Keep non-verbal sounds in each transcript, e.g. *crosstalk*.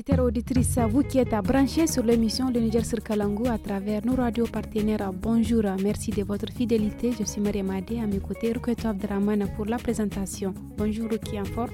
auditeurs, auditrices, vous qui êtes à sur l'émission de Niger sur Kalangou à travers nos radios partenaires, bonjour, merci de votre fidélité. Je suis Mariam Madé, à mes côtés, Ruketo Abdraman pour la présentation. Bonjour, Ruki Fort.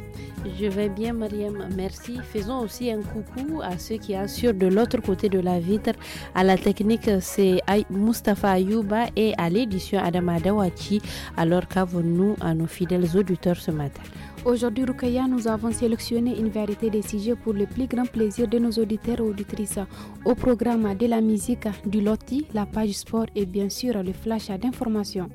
Je vais bien, Mariam, merci. Faisons aussi un coucou à ceux qui assurent de l'autre côté de la vitre. À la technique, c'est Mustafa Ayouba et à l'édition Adam Adawachi. Alors qu'avons-nous à nos fidèles auditeurs ce matin? Aujourd'hui, Rukaya, nous avons sélectionné une variété de sujets pour le plus grand plaisir de nos auditeurs et auditrices. Au programme de la musique, du loti, la page sport et bien sûr le flash d'informations.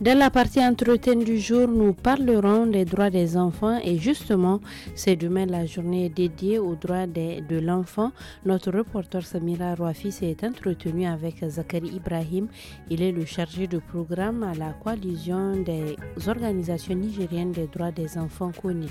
Dans la partie entretien du jour, nous parlerons des droits des enfants et justement, c'est demain la journée dédiée aux droits de l'enfant. Notre reporter Samira Rouafis s'est entretenu avec Zachary Ibrahim. Il est le chargé de programme à la coalition des organisations nigériennes des droits des enfants CONIT.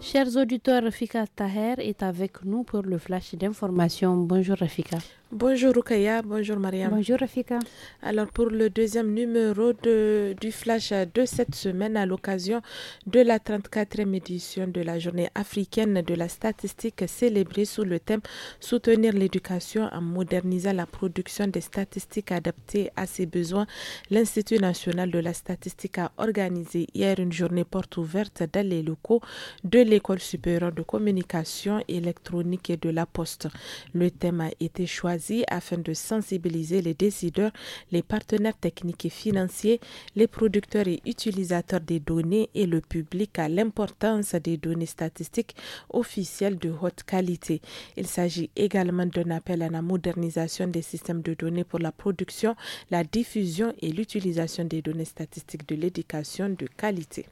Chers auditeurs, Rafika Taher est avec nous pour le flash d'information. Bonjour Rafika. Bonjour Rukaya, bonjour Mariam. Bonjour Rafika. Alors pour le deuxième numéro de, du Flash de cette semaine à l'occasion de la 34e édition de la journée africaine de la statistique célébrée sous le thème Soutenir l'éducation en modernisant la production des statistiques adaptées à ses besoins, l'Institut national de la statistique a organisé hier une journée porte ouverte dans les locaux de l'École supérieure de communication électronique et de la poste. Le thème a été choisi afin de sensibiliser les décideurs, les partenaires techniques et financiers, les producteurs et utilisateurs des données et le public à l'importance des données statistiques officielles de haute qualité. Il s'agit également d'un appel à la modernisation des systèmes de données pour la production, la diffusion et l'utilisation des données statistiques de l'éducation de qualité.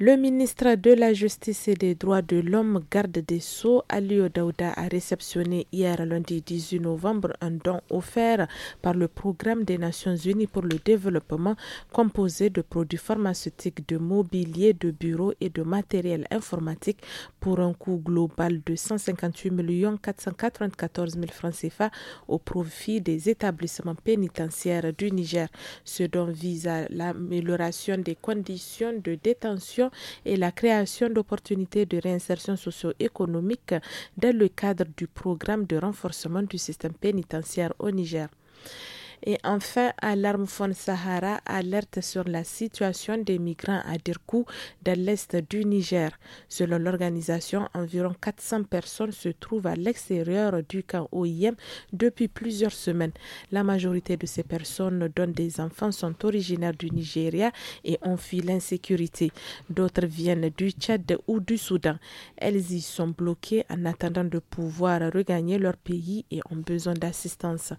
Le ministre de la Justice et des Droits de l'Homme, garde des Sceaux, Alio Daouda, a réceptionné hier lundi 18 novembre un don offert par le Programme des Nations Unies pour le Développement composé de produits pharmaceutiques, de mobilier, de bureaux et de matériel informatique pour un coût global de 158 494 000 francs CFA au profit des établissements pénitentiaires du Niger. Ce don vise à l'amélioration des conditions de détention et la création d'opportunités de réinsertion socio-économique dans le cadre du programme de renforcement du système pénitentiaire au Niger. Et enfin, Alarme Fon Sahara alerte sur la situation des migrants à Dirkou dans l'est du Niger. Selon l'organisation, environ 400 personnes se trouvent à l'extérieur du camp OIM depuis plusieurs semaines. La majorité de ces personnes, dont des enfants, sont originaires du Nigeria et ont fui l'insécurité. D'autres viennent du Tchad ou du Soudan. Elles y sont bloquées en attendant de pouvoir regagner leur pays et ont besoin d'assistance.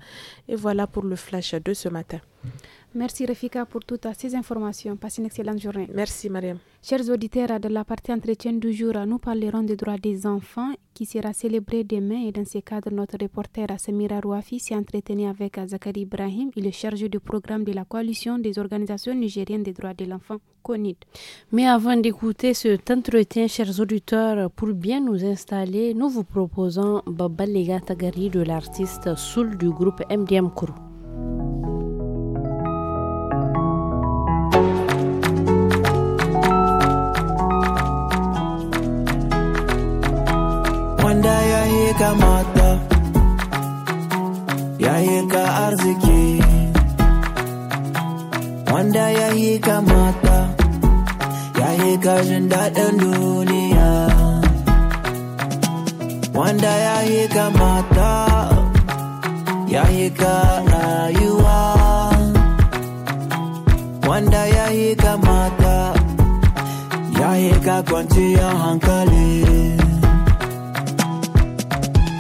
Et voilà pour le Flash 2 ce matin. Merci Rafika pour toutes ces informations. Passez une excellente journée. Merci Mariam. Chers auditeurs, dans la partie entretien du jour, nous parlerons des droits des enfants qui sera célébré demain et dans ce cadre, notre reporter Samira Rouafi s'est entretenu avec Zachary Ibrahim. Il est chargé du programme de la coalition des organisations nigériennes des droits de l'enfant, CONID. Mais avant d'écouter cet entretien, chers auditeurs, pour bien nous installer, nous vous proposons Baba Lega Tagari de l'artiste Soul du groupe MDM Crew. yeka mata yayeka arziki wanda yayeka mata yayeka jin daɗin duniya wanda yayeka mata yayeka rayuwa wanda yayeka mata yayeka kwanciyar hankali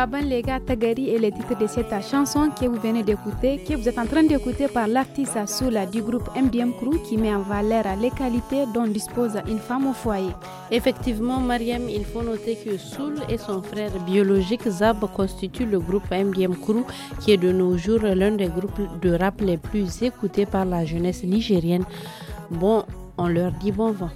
Baban Lega Tagari est le titre de cette chanson que vous venez d'écouter, que vous êtes en train d'écouter par l'artiste Soula du groupe MDM Crew qui met en valeur les qualités dont dispose une femme au foyer. Effectivement, Mariam, il faut noter que Soul et son frère biologique Zab constituent le groupe MDM Crew qui est de nos jours l'un des groupes de rap les plus écoutés par la jeunesse nigérienne. Bon, on leur dit bon vent.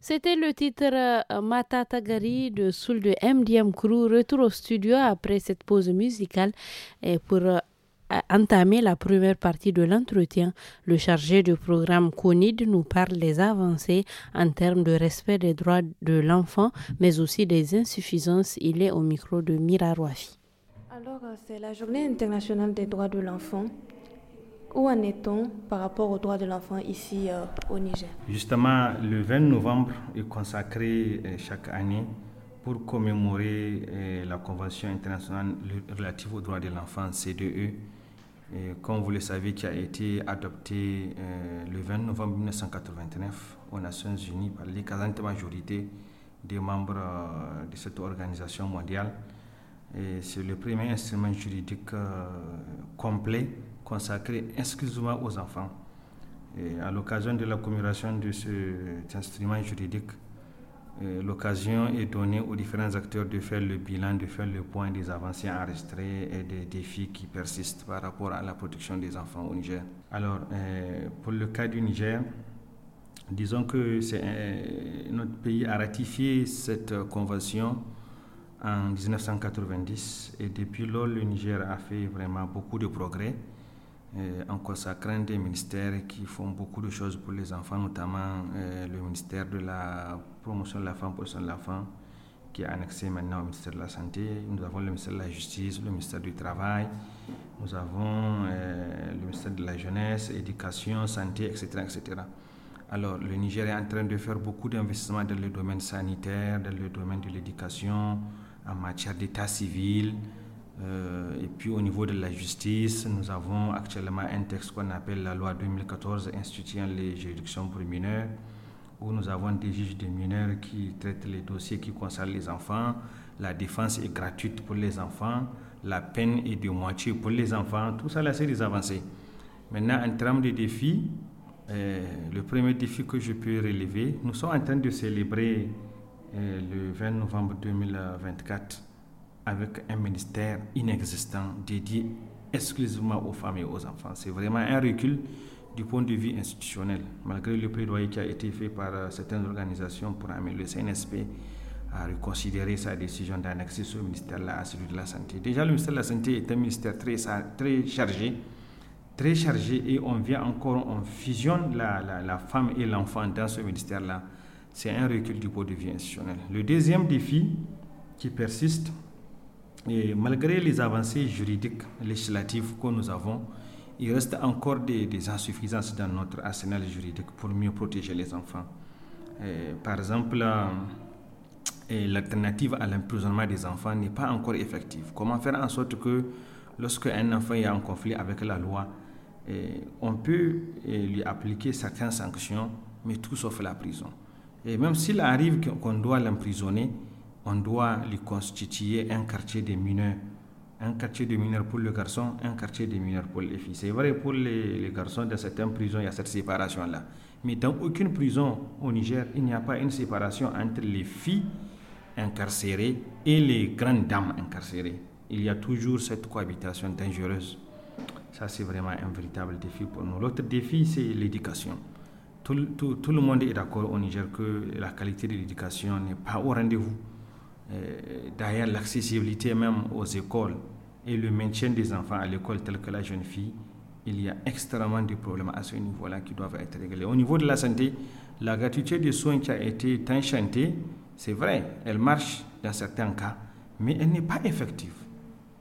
C'était le titre euh, Matatagari de Soul de MDM Crew. Retour au studio après cette pause musicale et pour euh, entamer la première partie de l'entretien, le chargé du programme CONID nous parle des avancées en termes de respect des droits de l'enfant, mais aussi des insuffisances. Il est au micro de Mira Rouafi. Alors, euh, c'est la journée internationale des droits de l'enfant où en est-on par rapport aux droits de l'enfant ici euh, au Niger Justement, le 20 novembre est consacré euh, chaque année pour commémorer euh, la Convention internationale relative aux droits de l'enfant CDE, comme vous le savez, qui a été adoptée le 20 novembre 1989 aux Nations Unies par 40 majorité des membres de cette organisation mondiale. C'est le premier instrument juridique complet consacré exclusivement aux enfants. Et à l'occasion de la commémoration de cet instrument juridique, euh, l'occasion est donnée aux différents acteurs de faire le bilan, de faire le point des avancées enregistrées et des défis qui persistent par rapport à la protection des enfants au Niger. Alors, euh, pour le cas du Niger, disons que euh, notre pays a ratifié cette convention en 1990 et depuis lors, le Niger a fait vraiment beaucoup de progrès euh, en consacrant des ministères qui font beaucoup de choses pour les enfants, notamment euh, le ministère de la promotion de la femme, pour de la qui est annexé maintenant au ministère de la Santé. Nous avons le ministère de la Justice, le ministère du Travail, nous avons euh, le ministère de la Jeunesse, Éducation, Santé, etc., etc. Alors, le Niger est en train de faire beaucoup d'investissements dans le domaine sanitaire, dans le domaine de l'éducation, en matière d'état civil, euh, et puis au niveau de la justice, nous avons actuellement un texte qu'on appelle la loi 2014 instituant les juridictions pour mineurs, où nous avons des juges des mineurs qui traitent les dossiers qui concernent les enfants. La défense est gratuite pour les enfants, la peine est de moitié pour les enfants. Tout ça, c'est des avancées. Maintenant, en termes de défis, euh, le premier défi que je peux relever, nous sommes en train de célébrer euh, le 20 novembre 2024 avec un ministère inexistant dédié exclusivement aux femmes et aux enfants. C'est vraiment un recul du point de vue institutionnel, malgré le plaidoyer qui a été fait par euh, certaines organisations pour améliorer le CNSP à reconsidérer sa décision d'annexer ce ministère-là à celui de la Santé. Déjà, le ministère de la Santé est un ministère très, très chargé, très chargé, et on vient encore, on fusionne la, la, la femme et l'enfant dans ce ministère-là. C'est un recul du point de vue institutionnel. Le deuxième défi qui persiste, malgré les avancées juridiques législatives que nous avons, il reste encore des, insuffisances dans notre arsenal juridique pour mieux protéger les enfants. par exemple, euh, l'alternative à l'emprisonnement des enfants n'est pas encore effective. Comment faire en sorte que lorsque un enfant est en conflit avec la loi, on peut lui appliquer certaines sanctions, mais tout sauf la prison. Et même s'il arrive qu'on doit l'emprisonner, on doit lui constituer un quartier des mineurs. Un quartier de mineurs pour le garçon, un quartier de mineurs pour les filles. C'est vrai, pour les, garçons dans certaines prisons, il y a cette séparation-là. Mais dans aucune prison au Niger, il n'y a pas une séparation entre les filles incarcérées et les grandes dames incarcérées. Il y a toujours cette cohabitation dangereuse. Ça, c'est vraiment un véritable défi pour nous. L'autre défi, c'est l'éducation. tout le monde est d'accord au Niger que la qualité de l'éducation n'est pas au rendez-vous euh, derrière l'accessibilité même aux écoles et le maintien des enfants à l'école tel que la jeune fille, il y a extrêmement de problèmes à ce niveau-là qui doivent être réglés. Au niveau de la santé, la gratuité des soins qui a été enchantée c'est vrai, elle marche dans certains cas, mais elle n'est pas effective.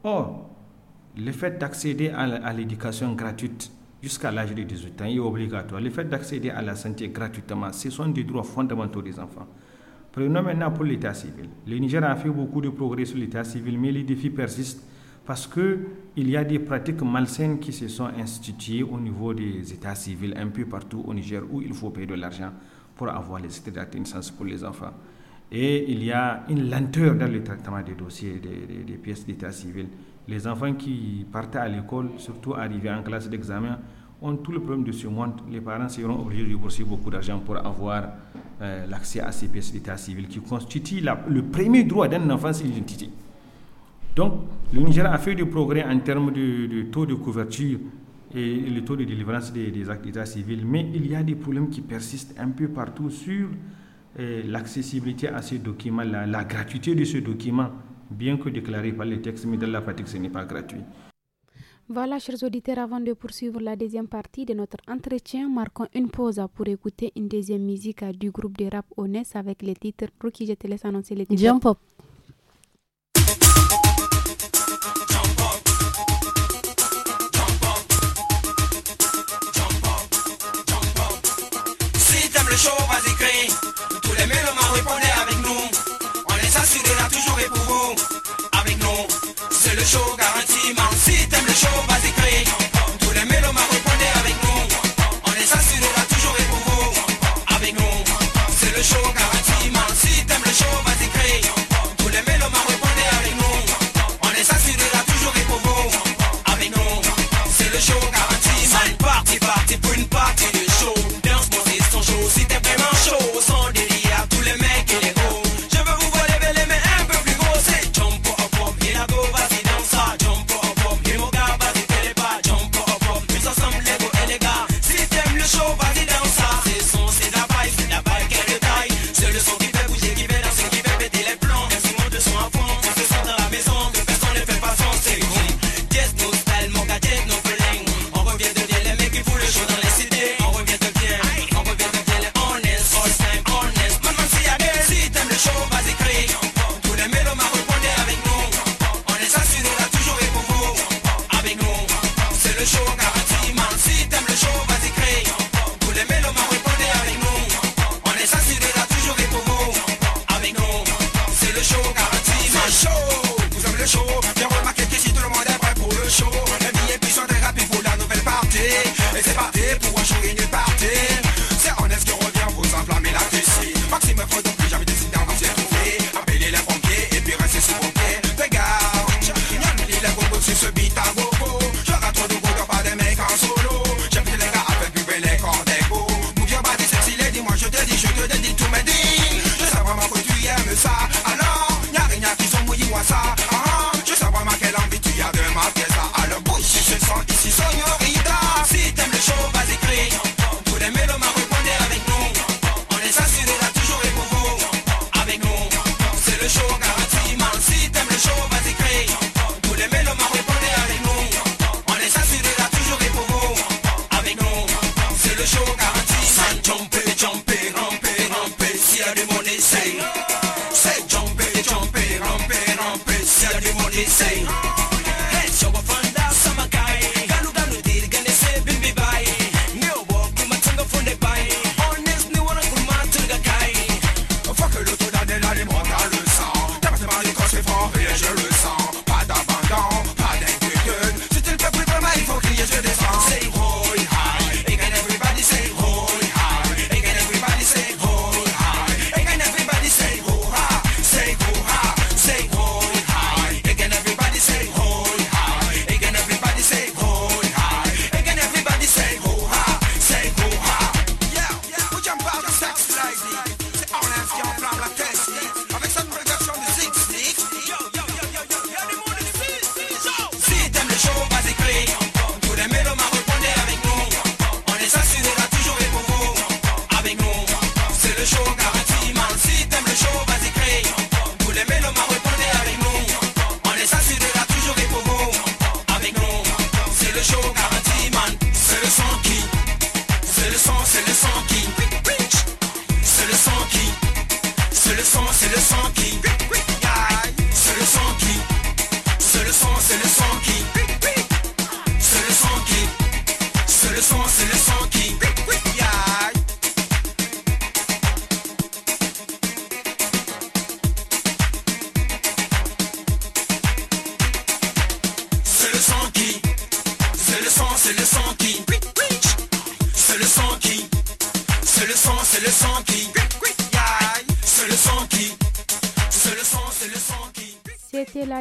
Or, le fait d'accéder à l'éducation gratuite jusqu'à l'âge de 18 ans est obligatoire. Le fait d'accéder à la santé gratuitement, ce sont des droits fondamentaux des enfants. Prenons maintenant pour l'état civil. Le Niger a fait beaucoup de progrès sur l'état civil, mais les défis persistent parce qu'il y a des pratiques malsaines qui se sont instituées au niveau des états civils un peu partout au Niger où il faut payer de l'argent pour avoir les états d'atteinte pour les enfants. Et il y a une lenteur dans le traitement des dossiers, des, pièces d'état civil. Les enfants qui partent à l'école, surtout arrivés en classe d'examen, ont tout le problème de ce monde. Les parents seront obligés de bourser beaucoup d'argent pour avoir euh, l'accès à ces pièces d'état civil qui constitue le premier droit d'un enfant, c'est l'identité. Donc, le Niger a fait du progrès en termes de, taux de couverture et le taux de délivrance des, actes d'état civil, mais il y a des problèmes qui persistent un peu partout sur euh, l'accessibilité à ces documents, la, la gratuité de ce document, bien que déclaré par les textes, mais dans la pratique, ce n'est pas gratuit. Voilà, chers auditeurs, avant de poursuivre la deuxième partie de notre entretien, marquons une pause pour écouter une deuxième musique du groupe de rap Honest avec les titres. qui je te laisse annoncer les titres. Jump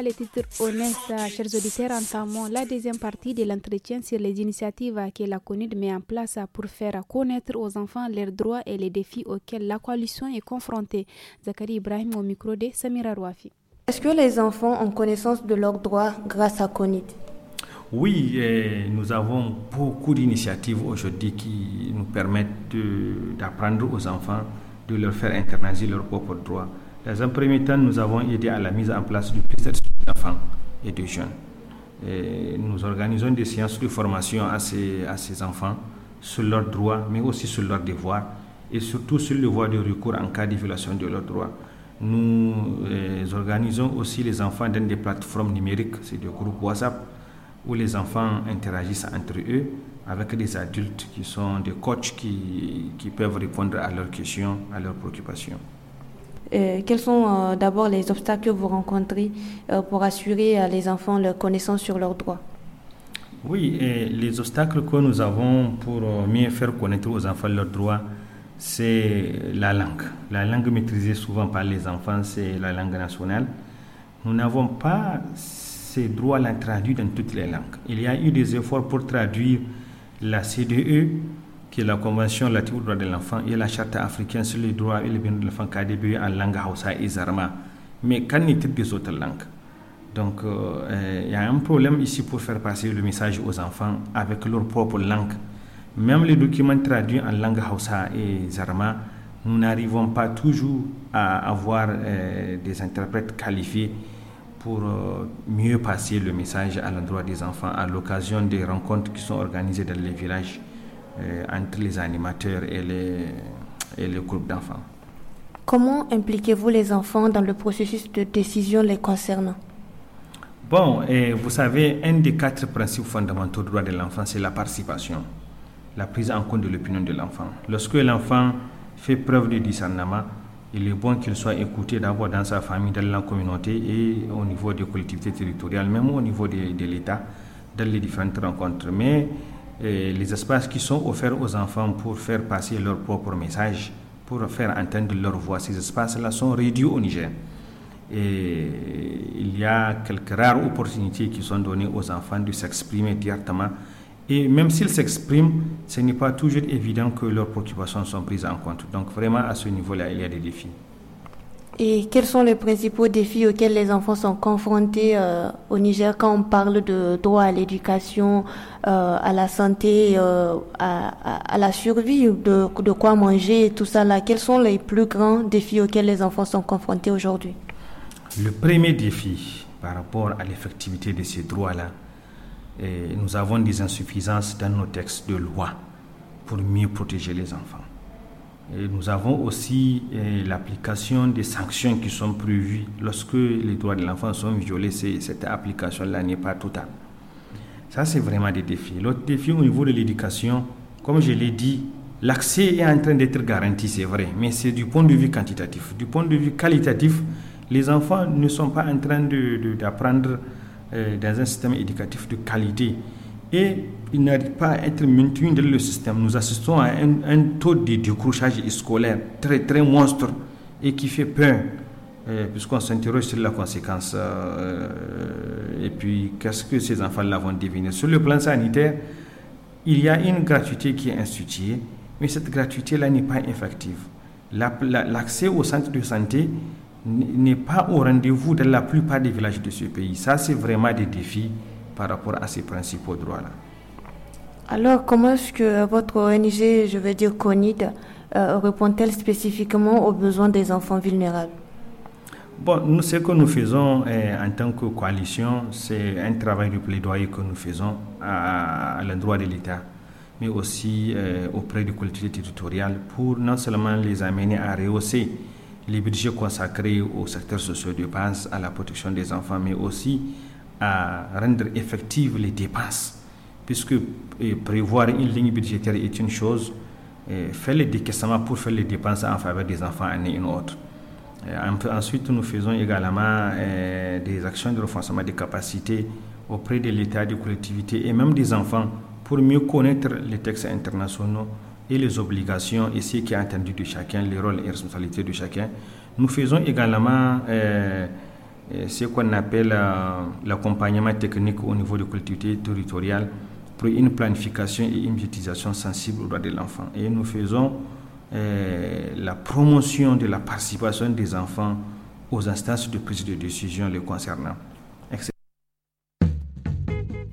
les titres honnêtes, chers auditeurs. Entamons la deuxième partie de l'entretien sur les initiatives que la CONID met en place pour faire connaître aux enfants leurs droits et les défis auxquels la coalition est confrontée. Zakari Ibrahim au micro de Samira Rouafi. Est-ce que les enfants ont connaissance de leurs droits grâce à CONID oui, nous avons beaucoup d'initiatives aujourd'hui qui nous permettent d'apprendre aux enfants de leur faire internaliser leurs propres droits. Dans un premier temps, nous avons aidé à la mise en place du des d'enfants et de jeunes. nous organisons des séances de formation à ces, enfants sur leurs droits, mais aussi sur leurs devoirs et surtout sur le voie de recours en cas de violation de leurs droits. Nous euh, organisons aussi les enfants dans des plateformes numériques, c'est des groupes WhatsApp, où les enfants interagissent entre eux avec des adultes qui sont des coachs qui peuvent répondre à leurs questions, à leurs préoccupations. Euh, quels sont euh, d'abord les obstacles que vous rencontrez euh, pour assurer à les enfants leur connaissance sur leurs droits Oui, les obstacles que nous avons pour mieux faire connaître aux enfants leurs droits, c'est la langue. La langue maîtrisée souvent par les enfants, c'est la langue nationale. Nous n'avons pas ces droits-là traduits dans toutes les langues. Il y a eu des efforts pour traduire la CDE qui la Convention relative aux droits de l'enfant et la Charte africaine sur les droits et les biens de l'enfant qui a débuté en langue Hausa et Zarma. Mais qu'en est-il des autres langues Donc, euh, il y a un problème ici pour faire passer le message aux enfants avec leur propre langue. Même les documents traduits en langue Hausa et Zarma, nous n'arrivons pas toujours à avoir euh, des interprètes qualifiés pour euh, mieux passer le message à l'endroit des enfants à l'occasion des rencontres qui sont organisées dans les villages euh, entre les animateurs et les, et les groupes d'enfants. Comment impliquez-vous les enfants dans le processus de décision les concernant Bon, vous savez, un des quatre principes fondamentaux du droit de l'enfant, c'est la participation, la prise en compte de l'opinion de l'enfant. Lorsque l'enfant fait preuve de discernement, il est bon qu'il soit écouté d'abord dans sa famille, dans la communauté et au niveau des collectivités territoriales, même au niveau de, de l'État, dans les différentes rencontres. Mais les espaces qui sont offerts aux enfants pour faire passer leur propre message, pour faire entendre leur voix. Ces espaces-là sont réduits au Niger. Et il y a quelques rares opportunités qui sont données aux enfants de s'exprimer directement. Et même s'ils s'expriment, ce n'est pas toujours évident que leurs préoccupations sont prises en compte. Donc vraiment, à ce niveau-là, il y a des défis. Et quels sont les principaux défis auxquels les enfants sont confrontés euh, au Niger quand on parle de droit à l'éducation, euh, à la santé, euh, à, la survie, de, de quoi manger, tout ça là Quels sont les plus grands défis auxquels les enfants sont confrontés aujourd'hui Le premier défi par rapport à l'effectivité de ces droits-là, eh, nous avons des insuffisances dans nos textes de loi pour mieux protéger les enfants nous avons aussi eh, l'application des sanctions qui sont prévues lorsque les droits de l'enfant sont violés. Cette application-là n'est pas totale. Ça, c'est vraiment des défis. L'autre défi au niveau de l'éducation, comme je l'ai dit, l'accès est en train d'être garanti, c'est vrai, mais c'est du point de vue quantitatif. Du point de vue qualitatif, les enfants ne sont pas en train d'apprendre de, eh, dans un système éducatif de qualité. Et il n'arrive pas à être maintenu dans le système. Nous assistons à un, taux de décrochage scolaire très très monstre et qui fait peur, euh, puisqu'on s'interroge sur la conséquence. Euh, et puis, qu'est-ce que ces enfants-là vont Sur le plan sanitaire, il y a une gratuité qui est instituée, mais cette gratuité-là n'est pas effective. L'accès au centre de santé n'est pas au rendez-vous de la plupart des villages de ce pays. Ça, c'est vraiment des défis par rapport à ces principaux droits-là. Alors, comment est-ce que votre ONG, je vais dire CONID, euh, répond-elle spécifiquement aux besoins des enfants vulnérables Bon, nous, ce que nous faisons eh, en tant que coalition, c'est un travail de plaidoyer que nous faisons à, l'endroit de l'État, mais aussi eh, auprès du collectivités territoriales pour non seulement les amener à rehausser les budgets consacrés au secteur social de base, à la protection des enfants, mais aussi à rendre effectives les dépenses puisque prévoir une ligne budgétaire est une chose, faire les décaissements pour faire les dépenses en faveur des enfants est une autre. Ensuite, nous faisons également des actions de renforcement des capacités auprès de l'État, des collectivités et même des enfants pour mieux connaître les textes internationaux et les obligations et ce qui est attendu de chacun, les rôles et responsabilités de chacun. Nous faisons également ce qu'on appelle euh, l'accompagnement technique au niveau des collectivités territoriales pour une planification et une utilisation sensible aux droits de l'enfant. Et nous faisons euh, la promotion de la participation des enfants aux instances de prise de décision les concernant.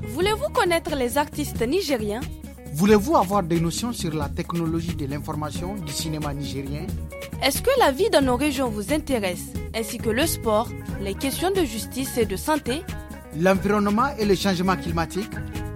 Voulez-vous connaître les artistes nigériens Voulez-vous avoir des notions sur la technologie de l'information du cinéma nigérien Est-ce que la vie dans nos régions vous intéresse, ainsi que le sport, les questions de justice et de santé L'environnement et le changement climatique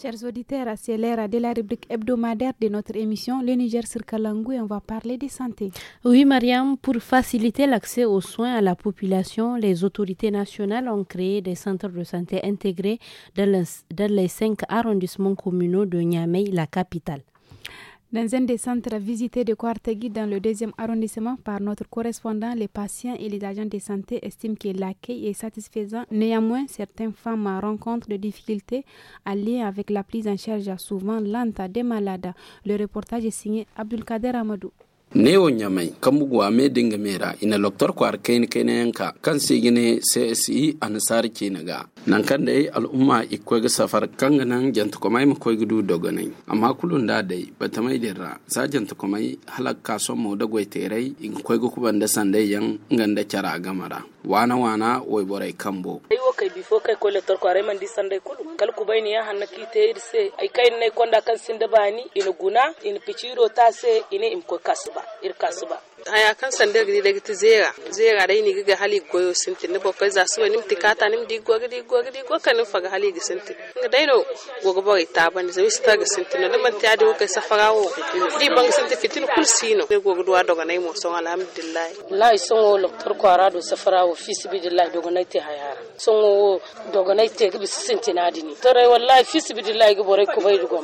Chers auditeurs, c'est l'heure de la rubrique hebdomadaire de notre émission Le Niger sur on va parler de santé. Oui, Mariam, pour faciliter l'accès aux soins à la population, les autorités nationales ont créé des centres de santé intégrés dans les cinq arrondissements communaux de Niamey, la capitale. Dans un des centres visités de Kwartegui dans le deuxième arrondissement par notre correspondant, les patients et les agents de santé estiment que l'accueil est satisfaisant. Néanmoins, certaines femmes rencontrent des difficultés à lien avec la prise en charge souvent lente des malades. Le reportage est signé Kader Amadou. ne ɲamai kan buguwa me dinga mera ina loktor kwar kain kain yanka kan sigine CSE ansar kinaga nan kan dai al'umma i ga safar kan nan janta komai mu koy gudu dogonai amma kulun da dai bata mai dirra sa janta komai halakka son mu da goiterai in koy ga kuban da sandai yan nganda a gamara wana wana wai borai kambo wo kai bifo kai kole le tor ko man dai kulu kal ku ni ya hanna ki te irse ai kai ne konda kan sinda bani ina guna ina piciro ta se ina im ko kasuba ir kasuba haya kan sande gidi da gidi zera zera da ni giga hali goyo sinti ni bokai za su wani tikata ne di go gidi go gidi go kanin faga hali gi sinti nga dai no go go boy ta ban zai sta gi sinti ne da man ta di ko safarawo di ban sinti fitin kul sino ne go go doga nay mo son alhamdulillah lai son wo doktor ko arado safarawo fi sibidillah dogo nay te hayara son wo dogo nay te gidi sinti na dini tare wallahi fi sibidillah gi borai ko bai dugo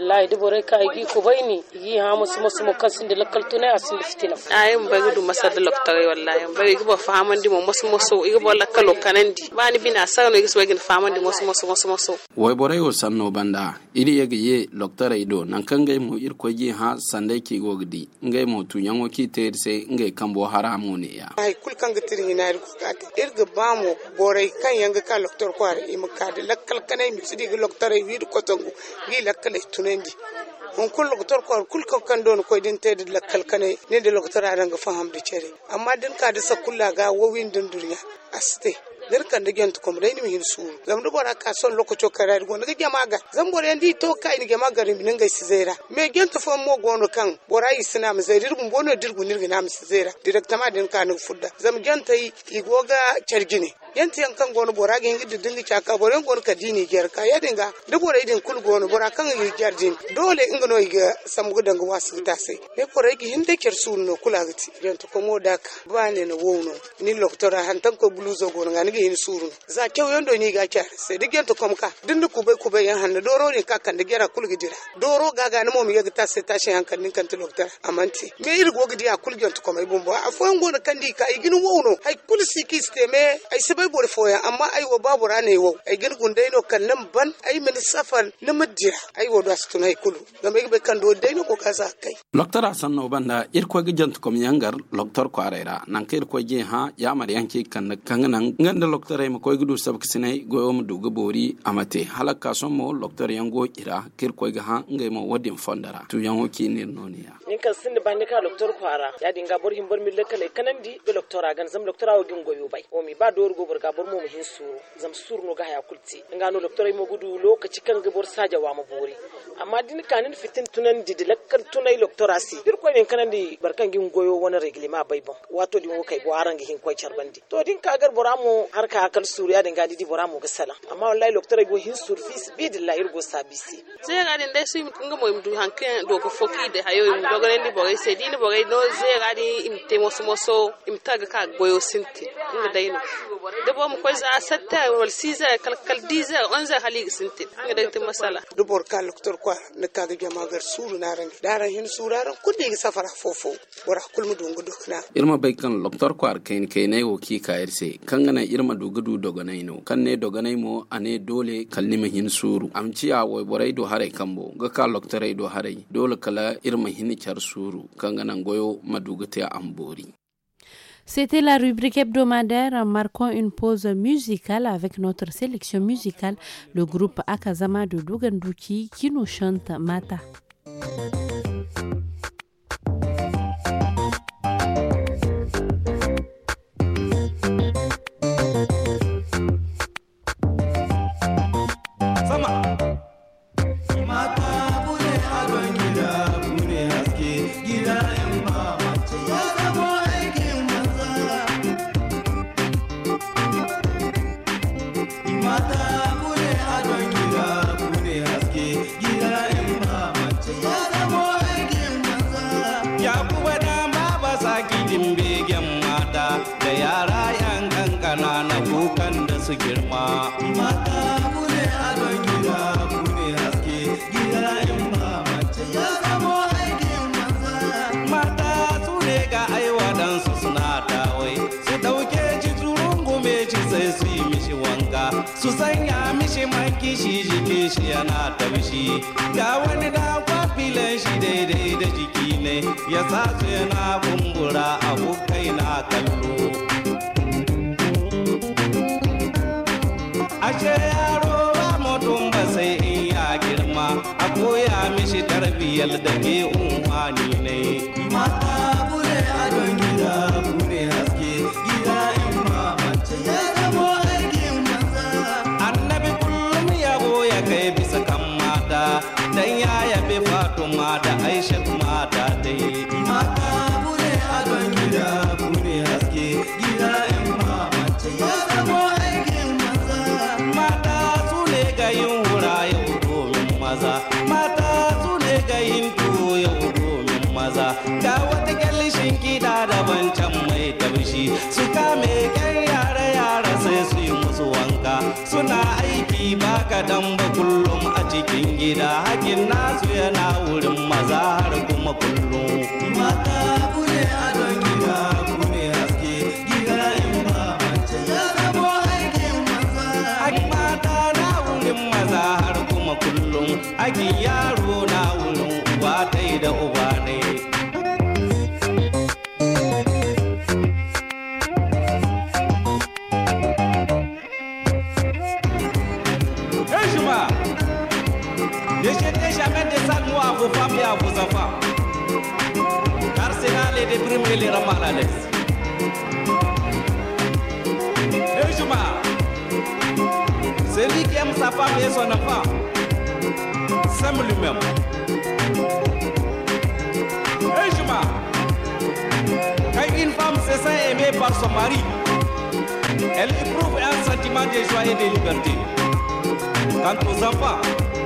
bore wallahi dibore ka igi kubaini igi hamo simo simo kasinde tuna asin fitina ay um bagu du masada loktare wallahi um bagu bo famandi mo mos moso igi bo lakalo kanandi bani bina sarno igi swagin famandi mos moso mos moso way bore yo sanno banda iri yegi ye loktare nan nankanga mo ir ko gi ha sande ki gogdi ngai mo tu yango ki terse ngai kambo haramu ne ya ay kul kanga tirin na ir ga bamo bore kan yanga ka loktor ko ar im ka de lakal kanai mi sidi loktor wi ko tongu gi lakal tune mendi on kul doktor ko kul ko kan don ko din tedde la kalkane ne de doktor adan ga faham de cere amma din ka da sakulla ga wo win din duniya aste ner kan de gent ko dai ni hin su zam do bora ka son lokoto karar gon ga jamaga zam bora ndi to kai ni gama rim bin ga sizera me gent fo mo go no kan bora yi sina mi zaidir gum bono dir gunir ga nam sizera directement din ka no fudda zam gent yi goga cergini yanti yan kan gono bora gen gidi dingi chaka bora gono ka dini ger ka yadinga de bora idin kul gono bora kan yi din dole ingano iga samugo danga wasu sai ne kore gi hinde ker sunno kulagati jento ko ba ne no wono ni loktora tan ko bluzo gono ngani gi hin suru za kew yondo ni ga ka sai dig jento kom ka dindu kube kube yan hande doro ne ka kan de gera kul gidira doro gaga ni mom ta sai ta hankan nin kan loktora amanti me irgo gidi a kul jento kom ibumbo afon gono di ka iginu wono hay kul sikiste me ai bai bor foya amma aiwa babu rana wo ai girgun dai no kan nan ban ai min safan na muddiya ai wa da stun ai kulu da mai bai kan do dai no ko kasa kai doktor hasan no banda ir ko gi jant kom yangar doktor ko araira nan kai ko gi ha ya mar yanki kan na kan nan ngan da doktor ai ma ko gi du sab goyo mu dugu bori amate halaka son mo doktor yango ira kir ko gi ha ngai mo wadin fondara tu yango ki ne noniya kan sin da bani ka doktor ko ara ya dinga bor him bor mi lekale kanandi ga doktor gan zam doktor a wogin goyo bai o mi ba dorgo burga bor mu hin suru zam suru no ga haya kulti ngano doktor mo gudu lokaci kan gabor saja wa mu bori amma din kanin fitin tunan didi lakkar tunai doktorasi. dir ko ne kanan di barkan gin goyo wani reglima bai bon wato din wo kai bo aran gihin kwai charbandi to din ka gar boramu har ka akal suriya din ga didi boramu ga sala amma wallahi doktor go hin sur fis bidillah irgo sabisi ga din dai sim nga mu imdu hanke do ko foki da hayo do dogare di bore sai din bore no ga din im temoso so im taga ka goyo sinti inga dai no debo mo koy za satta wal sisa kal kal hali onza halig sintin ngada tin masala dubor kal doktor kwa ne kaga jama gar suru naran daran hin suraran kudi ga safara fofo wara kulmu dungu dukna irma bai kan doktor kwa kain ne wo ki ka irse kan gana irma dugudu doganai no kan ne doganai mo ane dole ni hin suru ci a wo borai do hare kambo ga ka doktor do hare dole kala irma hin char suru kan gana goyo madugata ambori C'était la rubrique hebdomadaire en marquant une pause musicale avec notre sélection musicale, le groupe Akazama de Dougandouki qui nous chante Mata. shi yana taushi ga wani da kwafilan shi daidai da jiki ne ya sa su yana kumbura abokai na kallo ashe yaro ba mutum ba sai in ya girma a koya mishi tarbiyyar da ke unwani ne mata bure a don gida duk yaro na wurin uwa ta da uba ne N'échetez jamais des salmots à vos et à vos enfants, car qui aime sa femme et son enfant, lui-même. quand une femme se sent aimée par son mari, elle éprouve un sentiment de joie et de liberté. Quant aux enfants,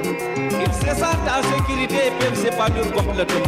ils se sentent en sécurité et peuvent s'épanouir complètement.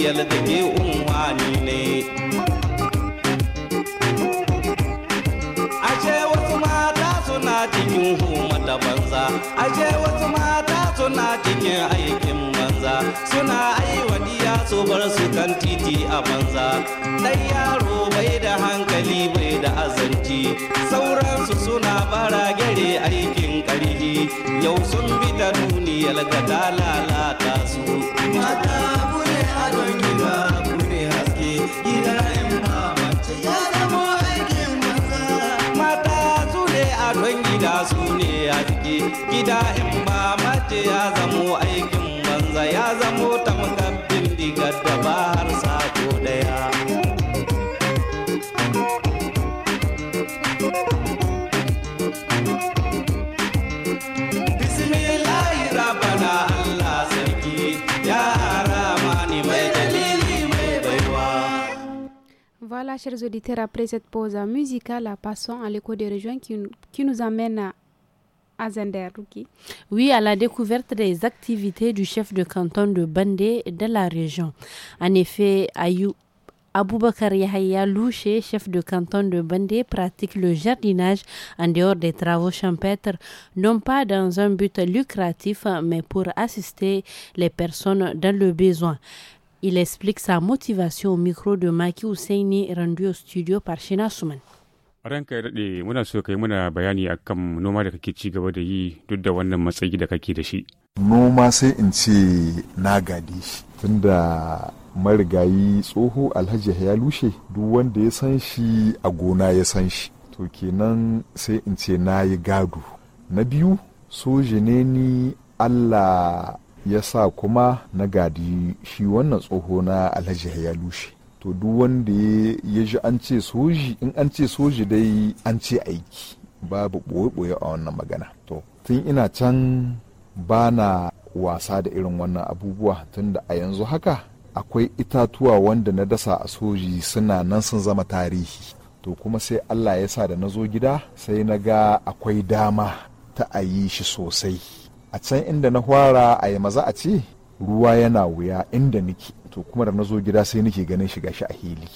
diyar da ke unwani ne ashe wasu mata suna cikin huma da banza ashe wasu mata suna cikin aikin banza suna aiwa su bar su kan titi a banza ɗan yaro bai da hankali bai da azanci sauransu suna bara gare aikin ƙarfi yau sun bi ta duniyar ga lalata su mata a adon gida bude haske gida in ba mace ya zama aikin banza. mata su ne gida su ne gida in ba mace ya zamo aikin banza ya zamo tamka Voilà, chers auditeurs, après cette pause musicale, passons à l'écho des régions qui nous amène à oui, à la découverte des activités du chef de canton de Bandé dans la région. En effet, Aboubakar Yahya Louché, chef de canton de Bandé, pratique le jardinage en dehors des travaux champêtres, non pas dans un but lucratif, mais pour assister les personnes dans le besoin. Il explique sa motivation au micro de Maki Ousseini, rendu au studio par Shina Souman. ranka ya daɗe muna so kai muna bayani akan noma da kake ci gaba da yi duk da wannan matsayi da kake da shi noma sai in ce na gade shi tunda marigayi tsoho alhaji ya lushe duk wanda ya san shi a gona ya san shi to kenan sai in ce na yi gado na biyu soji ne ni allah ya sa kuma na gadi shi wannan tsoho na alhaji ya lushe to duk wanda ya ji an ce soji in an ce soji dai an ce aiki babu ɓoye-ɓoye a wannan magana to tun ina can ba na wasa da irin wannan abubuwa tun da a yanzu haka akwai itatuwa wanda na dasa a soji suna nan sun zama tarihi to kuma sai allah ya sa da na zo gida sai na ga akwai dama ta a yi shi sosai a can inda na fara a yi maza a ce ruwa yana wuya inda nake to kuma da na zo gida sai nake ganin shiga shi a hili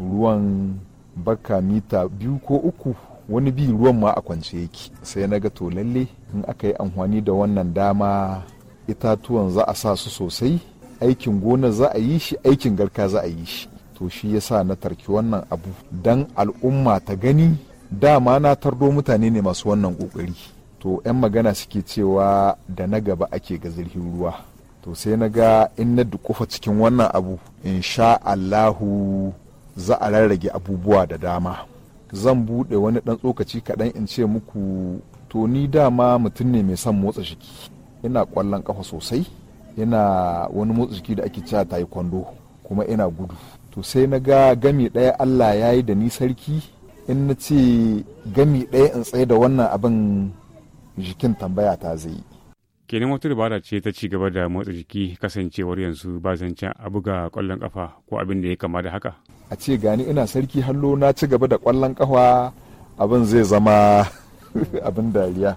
ruwan baka mita biyu ko uku wani bi ruwan ma a kwance yake sai na ga to lalle in aka yi amfani da wannan dama itatuwan za a sa su sosai aikin gona za a yi shi aikin garka za a yi shi to shi ya sa na tarki wannan abu dan al'umma ta gani dama na tardo mutane ne masu wannan kokari to 'yan magana suke cewa da na gaba ake ga zirhin ruwa to sai na ga in na dukufa cikin wannan abu in sha allahu za a rarrage abubuwa da dama zan buɗe wani ɗan tsokaci kaɗan in ce muku to ni dama mutum ne mai son motsa jiki ina ƙwallon ƙafa sosai ina wani motsa jiki da ake cewa kwando kuma ina gudu to sai na ga gami ɗaya allah ya yi da ni sarki in na ce gami ɗaya in tsaye da wannan abin jikin tambaya ta zai kenan wata dabara ce ta ci gaba da motsa jiki kasancewar yanzu ba zancen a buga kwallon kafa ko abin da ya kama da haka a ce gani ina sarki hallo na ci gaba da kwallon kafa abin zai zama *laughs* abin dariya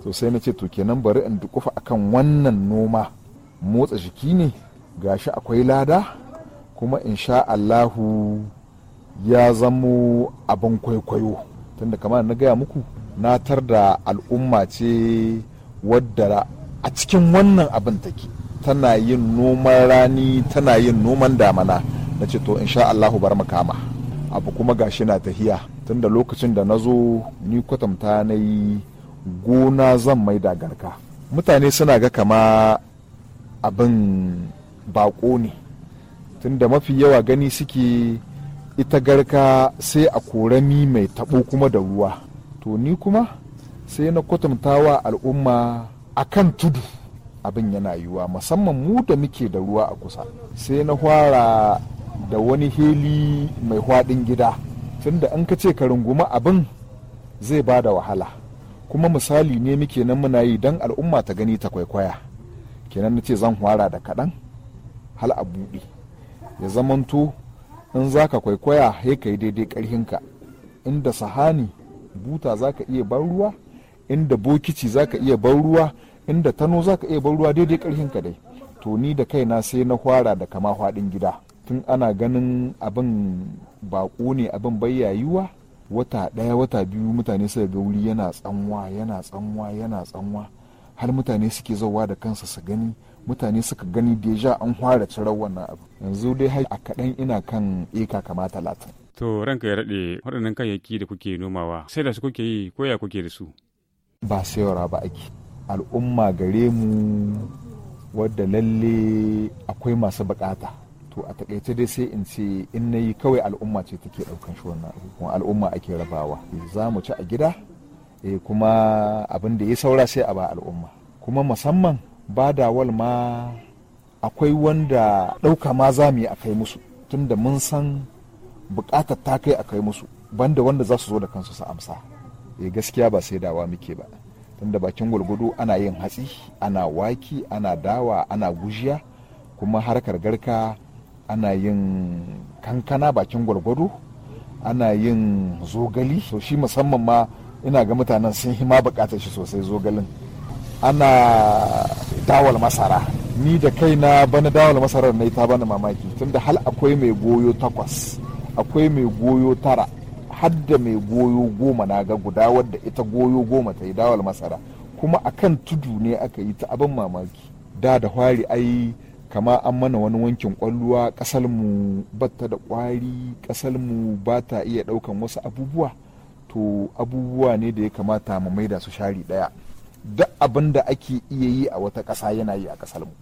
sosai na ce to kenan bari in dukufa akan wannan noma motsa jiki ne gashi akwai lada kuma insha Allahu ya zamo abin kwaikwayo tunda kamar na gaya muku tar da al'umma ce wadda a cikin wannan abin take tana yin noman rani tana yin noman damana na ce to insha Allahu bar mu kama abu kuma gashi na tahiya tunda lokacin da na zo ni kwatanta na yi gona zan mai da garka mutane suna ga kama abin bako ne tunda mafi yawa gani suke ita garka sai a korami mai tabo kuma da ruwa to ni kuma sai na wa al'umma a kan tudu abin yana yiwuwa musamman mu da muke da ruwa a kusa sai na fara da wani heli mai hwaɗin gida tunda an ka ce ka runguma abin zai ba da wahala kuma misali ne muke nan muna yi don al'umma ta gani ta kwaikwaya kenan nace zan hwara da kaɗan hal a buɗe ya zamanto in za ka kwaikwaya ya yi daidai ƙarhinka inda sahani buta za ka iya ban ruwa inda bokici zaka iya ban ruwa inda tano zaka iya ban ruwa daidai karfin ka dai to ni da kaina sai na hwara da kama hwadin gida tun ana ganin abin baƙo ne abin bayyayuwa wata ɗaya wata biyu mutane suka ga wuri yana tsanwa yana tsanwa yana tsanwa har mutane suke zauwa da kansa su gani mutane suka gani deja an fara cirar wannan abu yanzu dai har a kaɗan ina kan eka kama talatin to ranka ya raɗe waɗannan kayayyaki da kuke nomawa sai da su kuke yi ko ya kuke da su ba sayarwa ba ake al'umma gare mu wadda lalle akwai masu bukata to a takaice dai sai in ce in na yi kawai al'umma ce take daukan shi wannan kuma al'umma ake rabawa za mu ci a gida e kuma abin da ya saura sai a ba al'umma kuma musamman ba dawal ma akwai wanda ɗauka ma za mu yi a kai musu tunda mun san bukatar ta kai a kai musu banda wanda za su zo da kansu su amsa eh gaskiya ba sai dawa muke ba tunda bakin gulgudu ana yin hatsi ana waki ana dawa ana gujiya kuma harkar garka ana yin kankana bakin gwalgwado ana yin zogali so shi musamman ma ina ga mutanen sun hima bukatar shi sosai zogalin ana dawal masara ni da kaina bana dawal masarar na ta bani mamaki tunda hal akwai mai goyo takwas akwai mai goyo tara hadda mai goyo goma na ga guda wadda ita goyo goma ta yi dawal masara kuma a kan tudu ne aka yi ta abin mamaki da da hwari ai kama an mana wani wankin kwalluwa kasar mu batta da kwari kasar mu ba ta iya daukan wasu abubuwa to abubuwa ne da ya kamata mu maida su shari daya duk abin da ake iya yi a wata ƙasa yana yi a kasar mu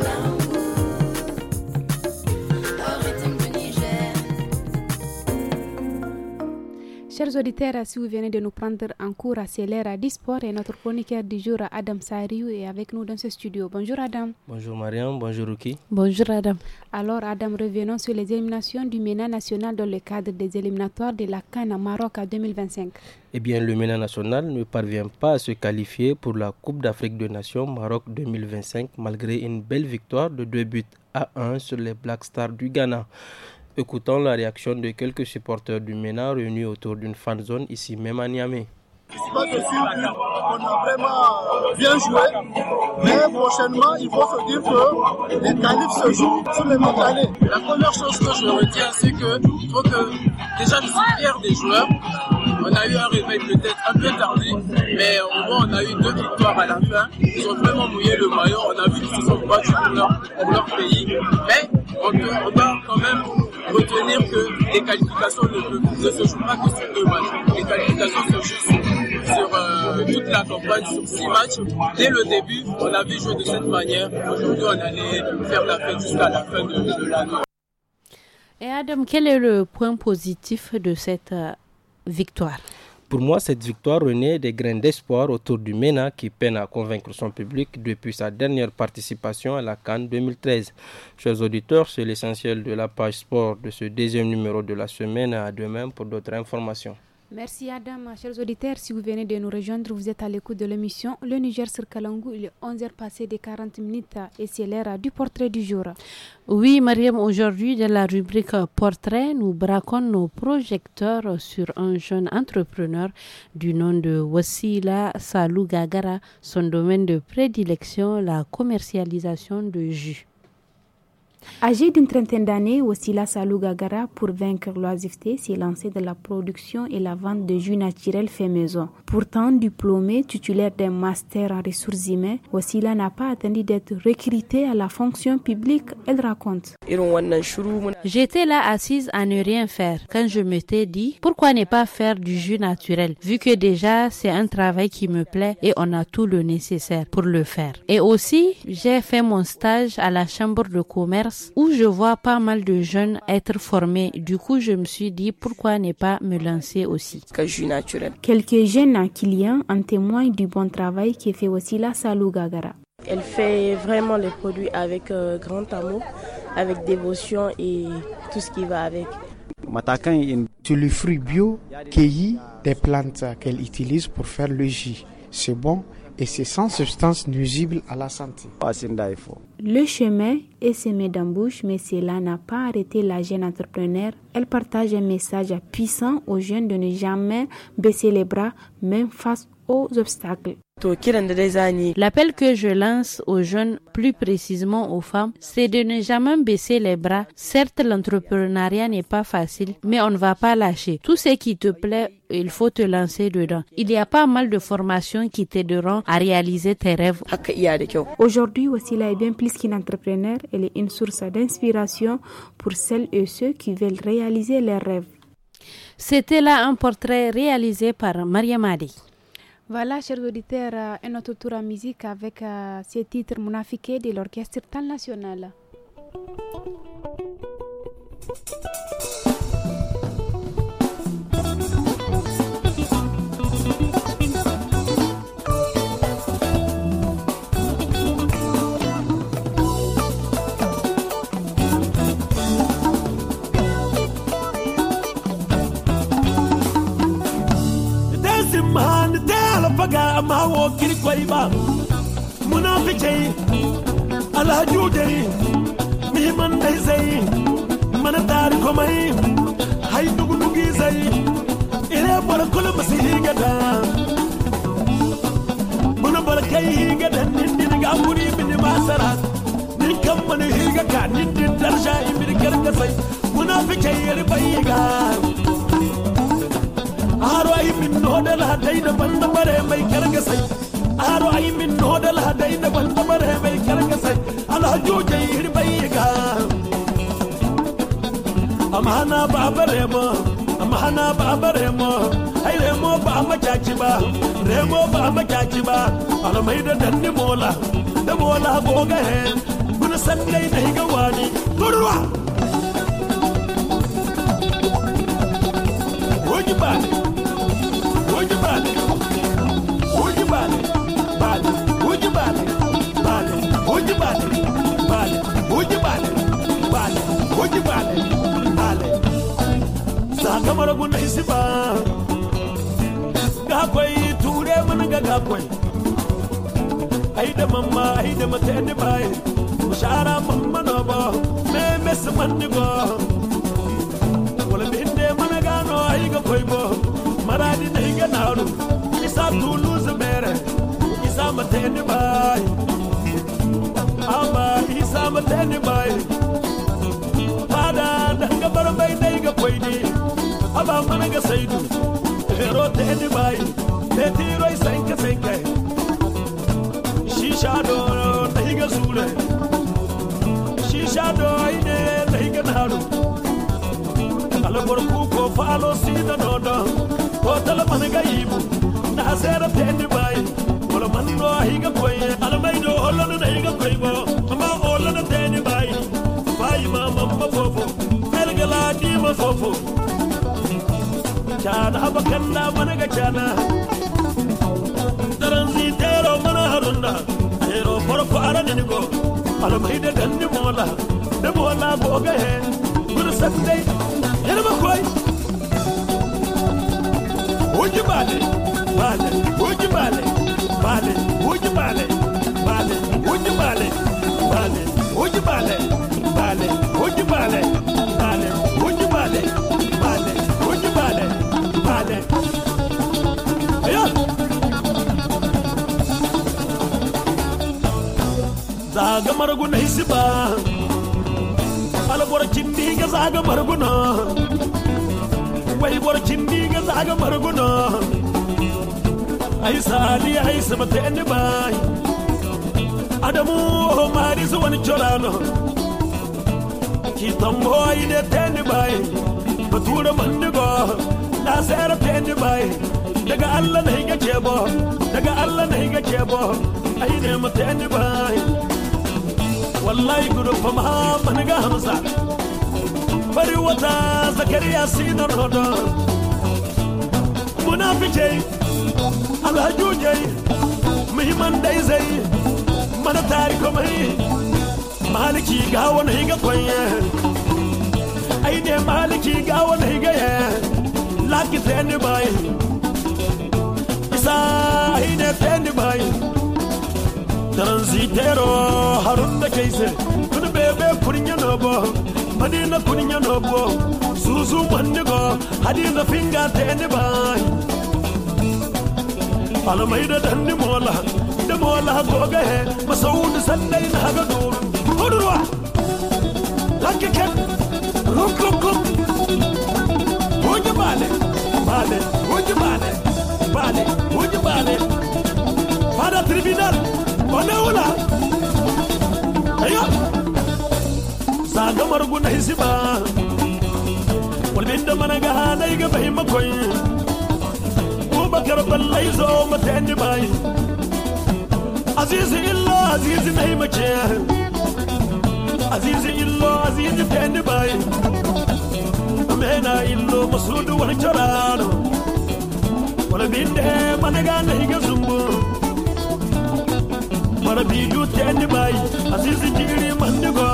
Chers auditeurs, si vous venez de nous prendre en cours à CLR à Disport et notre chroniqueur du jour Adam Sariou est avec nous dans ce studio. Bonjour Adam. Bonjour Mariam, bonjour Ruki. Bonjour Adam. Alors Adam, revenons sur les éliminations du MENA national dans le cadre des éliminatoires de la Cannes à Maroc à 2025. Eh bien, le MENA national ne parvient pas à se qualifier pour la Coupe d'Afrique des Nations Maroc 2025 malgré une belle victoire de 2 buts à 1 sur les Black Stars du Ghana. Écoutons la réaction de quelques supporters du MENA réunis autour d'une fan zone ici même à Niamey. On a vraiment bien joué, mais prochainement, il faut se dire que les qualifs se jouent sur les Montanais. La première chose que je retiens, c'est que je faut que déjà nous sommes des joueurs. On a eu un réveil peut-être un peu tardif, mais au moins on a eu deux victoires à la fin. Ils ont vraiment mouillé le maillot, on a vu qu'ils se sont battus pour leur, leur pays. Mais on on doit quand même retenir que les qualifications ne, se jouent pas que sur deux matchs. Les qualifications se jouent sur euh, toute la campagne, sur six matchs. Dès le début, on avait joué de cette manière. Aujourd'hui, on allait faire la fête jusqu'à la fin de, l'année. Et Adam, quel est le point positif de cette euh, victoire pour moi, cette victoire renaît des grains d'espoir autour du MENA qui peine à convaincre son public depuis sa dernière participation à la Cannes 2013. Chers auditeurs, c'est l'essentiel de la page sport de ce deuxième numéro de la semaine. À demain pour d'autres informations. Merci Adam, chers auditeurs. Si vous venez de nous rejoindre, vous êtes à l'écoute de l'émission Le Niger sur Kalangou. Il est 11h passé des 40 minutes et c'est l'heure du portrait du jour. Oui, Mariam, aujourd'hui, dans la rubrique Portrait, nous braquons nos projecteurs sur un jeune entrepreneur du nom de Wassila Salou Gagara. Son domaine de prédilection, la commercialisation de jus. Âgée d'une trentaine d'années, Wassila Salou Gagara, pour vaincre l'oisiveté, s'est lancée dans la production et la vente de jus naturels fait maison. Pourtant diplômée, titulaire d'un master en ressources humaines, Wassila n'a pas attendu d'être recrutée à la fonction publique, elle raconte. J'étais là assise à ne rien faire quand je me suis dit pourquoi ne pas faire du jus naturel vu que déjà c'est un travail qui me plaît et on a tout le nécessaire pour le faire. Et aussi, j'ai fait mon stage à la chambre de commerce où je vois pas mal de jeunes être formés. Du coup, je me suis dit pourquoi ne pas me lancer aussi. Quelques jeunes clients en témoignent du bon travail qui fait aussi la Salou Gagara. Elle fait vraiment les produits avec euh, grand amour, avec dévotion et tout ce qui va avec. C'est le fruit bio cueilli des plantes qu'elle utilise pour faire le jus. C'est bon, et c'est sans substance nuisible à la santé. Le chemin est semé d'embûches, mais cela n'a pas arrêté la jeune entrepreneur. Elle partage un message puissant aux jeunes de ne jamais baisser les bras, même face aux obstacles. L'appel que je lance aux jeunes, plus précisément aux femmes, c'est de ne jamais baisser les bras. Certes, l'entrepreneuriat n'est pas facile, mais on ne va pas lâcher. Tout ce qui te plaît, il faut te lancer dedans. Il y a pas mal de formations qui t'aideront à réaliser tes rêves. Aujourd'hui, Wassila est bien plus qu'une entrepreneur, elle est une source d'inspiration pour celles et ceux qui veulent réaliser leurs rêves. C'était là un portrait réalisé par Maria Madi. Voilà, chers auditeurs, euh, un autre tour à musique avec ses euh, titres titre de l'orchestre National. baga amma wo kirkwai ba munafikai alhaju dai mihiman dai zai mana tari komai hai dugudugi zai ere bar kula masu hirgada muna bar kai hirgada nindin er ga muri mini masara nin kan mani hirgaka nindin darsha imir karkasai munafikai yarbai ga hodal hadai da banda bare mai kargasai aro ai min hodal hadai da banda bare mai kargasai alhajo jai hirbai ga amhana babare mo amhana babare mo ai remo ba majaci ba remo ba majaci ba almai da danni mola da mola goga he gun sangai nahi ga wani turwa Would you buy kamar guna isi ba ture mun ga ga mama, ai da bai mushara mamma no ba me mes man ni go wala binde mun no aiga ga bo maradi dai ga na ru isa tulu zubere isa mata bai amma isa mata bai fada ro fana ga saidu hero te ni bai te tiro senke senke shisha do te ga sure shisha do ine te ga naru ala bor ku ko falo sida do do ko tala man ibu na sera te ni bai wala man ro higa koy ala mai do holo no higa koy bo ma holo no te ni bai bai ma mamma fofo Fergala di ma fofo chana haba kanna mana ga chana daranzi tero mana harunda tero porfo arani nigo alamai da danni mola da mola goga he gudu sandai ma koi uji bale bale uji bale bale uji bale bale uji bale bale uji bale bale uji bale bale uji bale zaga maraguna hisiba alagora kimbi ga zaga maraguna wai gora kimbi ga zaga maraguna ai sali ai sabata ene bai adamu o mari su wani chorano ki tambo ai de tene bai batura mandigo na sera tene bai daga Allah ne yake bo daga Allah ne yake bo ai ne mutane bai wallahi gudunfa ma baniga hamsa bari wata zakariya sinar hodo munafike alhajuje muhimman dai zai mana tariko mai maliki ga wani higa kwanye ai ne maliki ga wani higa ya laki tani bai isa ai ne tani bai transitero harunda kaise kun bebe kurinya nobo madina kurinya nobo suzu mannego hadina finga tene bai almaida danni mola de mola goga he masoud sallai na ga dur gudurwa lakke ken ruk ruk ruk bale bale hoje bale bale hoje bale para tribunal walaula ayo sadamar guna hisiba walbin da mana ga halai ga fahimma koyi bakar ballai zo mata ni bai azizi illa azizi nai mace azizi illo azizi ta bai mena illo musudu wani carano wani da mana ga na higa zumbu marabi dute ni bay, azizi jiri mandigo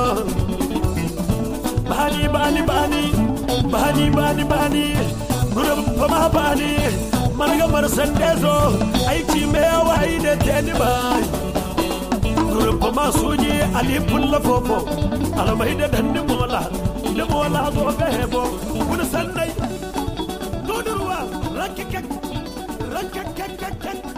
bani bani bani bani bani bani Guru fama bani marga mar sandezo aiki me wai ne teni bay. Guru fama suji ali pulla fofo alamai da dandi mola da mola zo ga hebo kun sannai dodurwa rakikak rakikak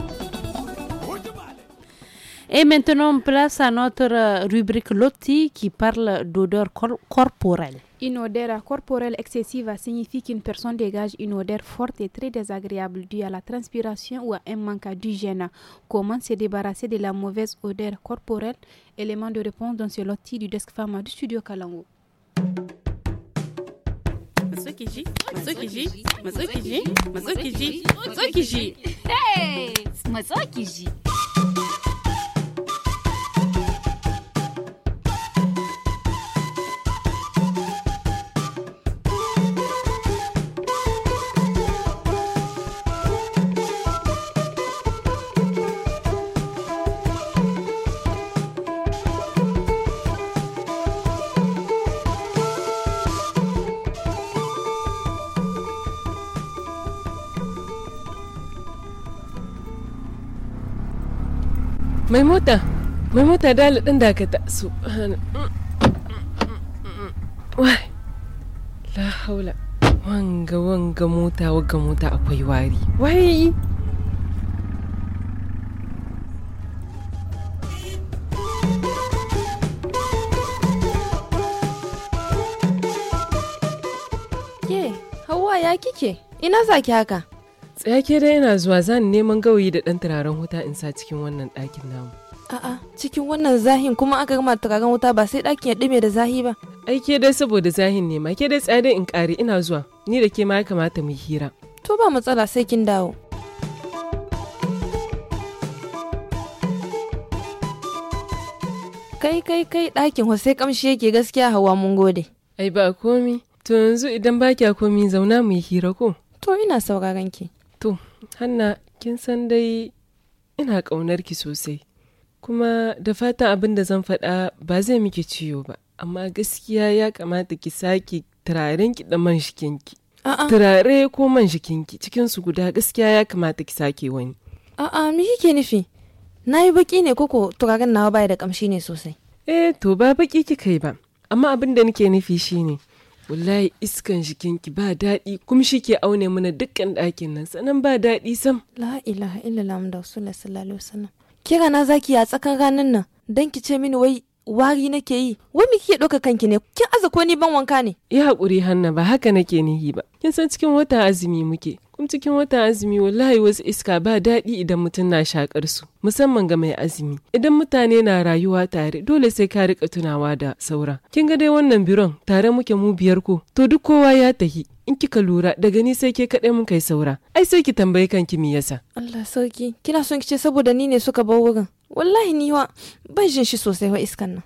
Et maintenant, place à notre euh, rubrique Loti qui parle d'odeur corporelle. Une odeur corporelle excessive signifie qu'une personne dégage une odeur forte et très désagréable due à la transpiration ou à un manque d'hygiène. Comment se débarrasser de la mauvaise odeur corporelle Élément de réponse dans ce loti du Desk Pharma du studio Kalango. Hey mai mota mai mota dala ɗin da ka taso wai la haula wanga wanga mota wanga mota akwai wari wai ke hawa ya kike ina zaki haka Tsayake dai yana zuwa zan neman gawayi da ɗan turaren wuta in sa cikin wannan ɗakin namu. A'a, cikin wannan zahin kuma aka gama turaren wuta ba sai ɗakin ya ɗume da zahi ba. Ai ke dai saboda zahin ne ma ke dai tsaya in ƙari ina zuwa ni da ke ma ya kamata mu hira. To ba matsala sai kin dawo. Kai kai kai ɗakin sai kamshi yake gaskiya hawa mun gode. Ai ba komi, to yanzu idan ba komi zauna mu hira ko? To ina sauraron ki. To, Hanna, kin san dai ina kaunar ki sosai. Kuma da fatan abin da zan faɗa ba zai miki ciwo ba, amma gaskiya ya kamata ki sake turaren ki da man shikinki. Turare ko man shikinki cikinsu guda gaskiya ya kamata ki sake wani. A'a, me kike nufi? Na yi baki ne koko turaren nawa baya da kamshi ne sosai. Eh, to ba baki kika yi ba, amma abin da nake nufi shine wallahi iskan jikinki ba daɗi kuma shi ke aune mana dukkan ɗakin nan sanan ba daɗi sam la ilaha illallah da wasu sallallahu alaihi sanan kira na zaki a tsakan ranan nan don ki ce mini wai wari nake yi wai me kike ɗauka kanki ne kin aza ko ni ban wanka ne ya haƙuri hanna ba haka nake nihi ba kin san cikin wata azumi muke kuma cikin wata azumi wallahi wasu iska ba daɗi idan mutum na shakar su musamman ga mai azumi idan mutane na rayuwa tare dole sai ka rika tunawa da saura kin ga dai wannan biron tare muke mu biyar ko to duk kowa ya tahi in kika lura daga ni sai ke kaɗai mun kai saura ai sai ki tambayi kanki me yasa Allah sauki kina son kice saboda ni ne suka bar wurin wallahi ni wa ban jin shi sosai wa iskan nan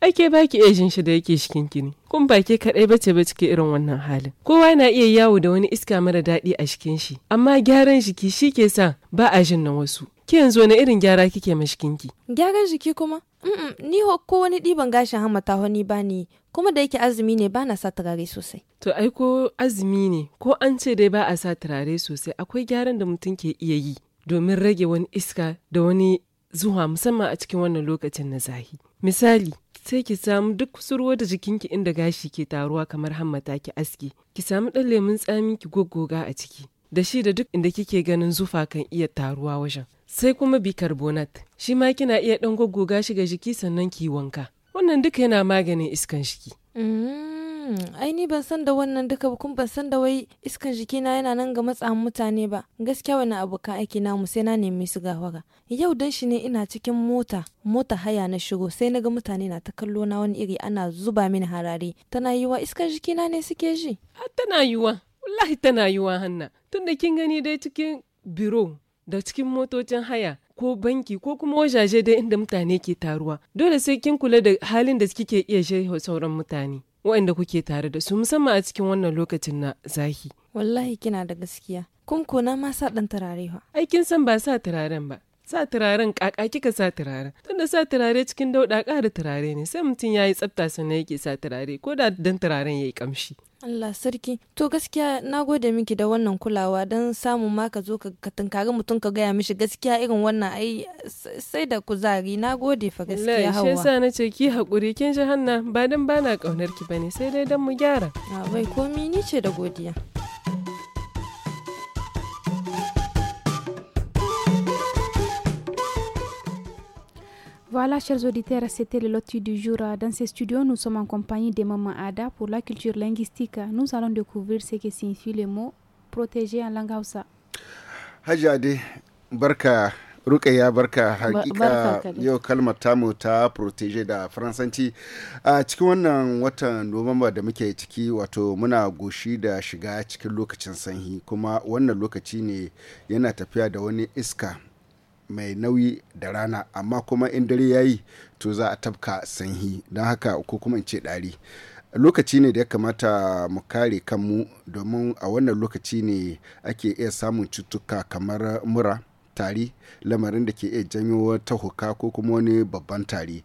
ake baki iya jin shi da yake shikin kini kun ba ke kadai bace ba cike irin wannan halin kowa na iya yawo da wani iska mara daɗi a shikin shi amma gyaran jiki shi ke sa ba a jin na wasu ki yanzu wani irin gyara kike ma shikinki gyaran jiki kuma mm ni ho ko wani diban gashin hamata ho ni ba ni kuma da yake azumi ne ba na sa turare sosai to ai ko azumi ne ko an ce dai ba a sa turare sosai akwai gyaran da mutum ke iya yi domin rage wani iska da wani zuwa musamman a cikin wannan lokacin na zahi. Misali, sai ki samu duk kusurwa da jikinki inda gashi ke taruwa kamar hammata ki aski. ki samu ɗan lemun tsami ki goggoga a ciki. Da shi da duk inda kike ganin zufa kan iya taruwa wajen. Sai kuma bicarbonate, shi ma kina iya ɗan goggoga shi ga jiki sannan ki wanka. Wannan duka yana maganin iskan shiki. Mm. Hmm, ai ban san da wannan duka ba kuma ban san da wai iskan jikina yana nan ga matsa mutane ba gaskiya wani abokan aiki na mu sai na nemi su gawaga yau dan shi ne ina cikin mota mota haya na shigo sai na ga mutane na ta kallo na wani iri ana zuba mini harare tana yiwa iskan jikina ne suke ji ah, tana yiwa wallahi tana yiwa hanna tunda kin gani dai cikin biro da cikin motocin haya ko banki ko kuma wajaje dai inda mutane ke taruwa dole sai kin kula da halin da kike iya sauran mutane waɗanda kuke tare da su musamman a cikin wannan lokacin na zahi. Wallahi kina da gaskiya. Kunkuna ma sa ɗan turare ba. aikin san ba sa turaren ba. sa turaren kaka kika sa turare tunda sa turare cikin dauda kara turare ne sai mutum yayi yi tsafta sannan yake sa turare ko da dan turaren yayi kamshi Allah sarki to gaskiya na gode miki da wannan kulawa don samun ma ka zo ka tunkari mutum ka gaya mishi gaskiya irin wannan ai sai da kuzari na gode fa gaskiya hawa allah shi yasa na ce ki hakuri kin ji hanna ba dan bana kaunar ki bane sai dai dan mu gyara a ah, bai komi ni ce da godiya Voilà, chers auditeurs, c'était le loti du jour. Dans ces studios, nous sommes en compagnie de Maman Ada pour la culture linguistique. Nous allons découvrir ce que signifie le mot protéger en langue Hausa. Hajade, barka rukaya barka hakika yo kalmar tamu ta protege da Francanti. a cikin wannan watan November da muke wato muna goshi da shiga cikin lokacin sanyi kuma wannan lokaci ne yana wani iska mai nauyi da rana amma kuma in dare ya yi to za a tafka sanyi don haka ko kuma in ce ɗari lokaci ne da ya kamata mu kare kanmu domin a wannan lokaci ne ake iya samun cutuka kamar mura tari lamarin da ke iya janyo wata huka ko kuma wani babban tari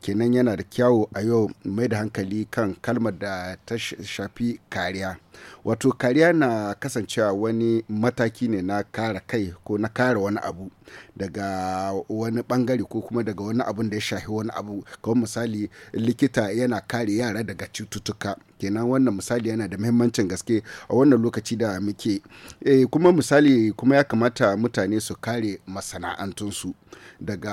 kenan yana da kyawu a yau mai da hankali kan kalmar da ta shafi kariya wato kariya na kasancewa wani mataki ne na kara kai ko na kara wani abu daga wani bangare ko kuma daga wani abun da ya shafi wani abu kamar misali likita yana kare yara daga cututtuka kenan wannan misali yana da muhimmancin gaske a wannan lokaci da muke e, kuma misali kuma ya kamata mutane su kare masana'antunsu daga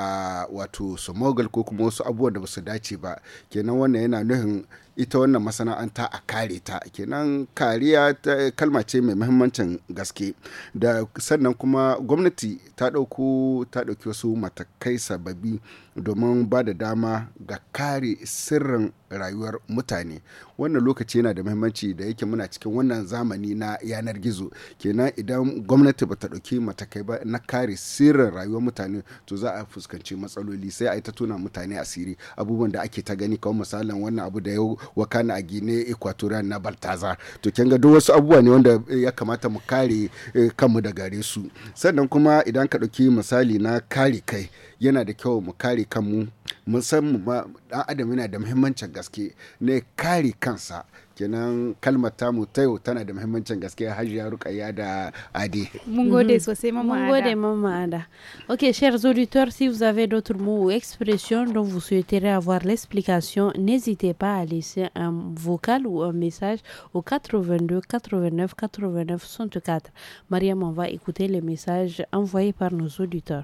wato su ko kuma wasu abubuwan da ba su dace ba kenan wannan yana nuhin ita wannan masana'anta a kare ta kenan kariya ta kalma ce mai muhimmancin gaske da sannan kuma gwamnati ta ɗauko ta ɗauki wasu matakai sababi domin ba da dama ga kare sirrin rayuwar mutane wannan lokaci yana da mahimmanci da yake muna cikin wannan zamani na yanar gizo kenan idan gwamnati ba ta ɗauki matakai ba na kare sirrin rayuwar mutane to za a fuskanci matsaloli sai a yi ta tuna mutane asiri abubuwan da ake ta gani kawai misalin wannan abu da yau wakana a gine equatorial na baltazar to kenga duk wasu abubuwa ne wanda eh, ya kamata mu kare eh, kanmu da gare su sannan kuma idan ka ɗauki misali na kare kai yana da kyau mu kare kanmu musamman ma dan adam yana da muhimmancin gaske ne kare kansa kenan ok chers auditeurs si vous avez d'autres mots ou expressions dont vous souhaiterez avoir l'explication n'hésitez pas à laisser un vocal ou un message au 82 89 89 64 Mariam on va écouter les messages envoyés par nos auditeurs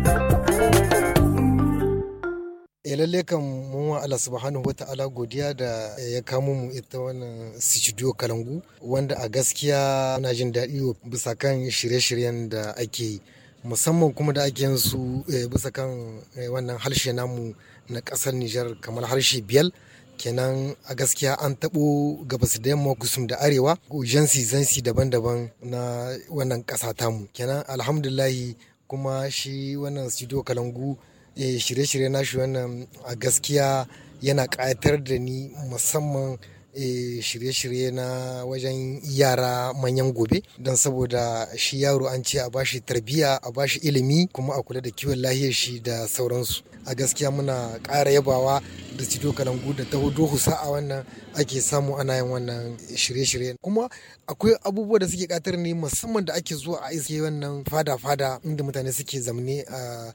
ya eh, lalle kan mun Allah subhanahu wa ta'ala godiya da ya kamo mu ita wannan studio kalangu wanda a gaskiya na jin daɗi bisa kan shirye-shiryen da ake yi musamman kuma da ake su eh, bisa kan eh, wannan harshe namu na ƙasar Nijar kamar harshe biyal kenan a gaskiya an taɓo gabas da yamma kusum da arewa jansi zansi daban-daban na wannan ƙasa tamu kenan alhamdulahi kuma shi wannan studio kalangu Eh, shirye shirye na shi wannan a gaskiya yana ƙayatar da ni musamman eh, shirye-shirye na wajen yara manyan gobe don saboda shi yaro an ce a bashi tarbiyya a bashi ilimi kuma a kula da kiwon lahiyar shi da sauransu a gaskiya muna kara yabawa da studio kalangu da ta hudu sa'a wannan ake samu ana yin wannan shirye-shirye kuma akwai abubuwa da suke katar ne musamman da ake zuwa a iske wannan fada-fada inda mutane suke zamne a ah,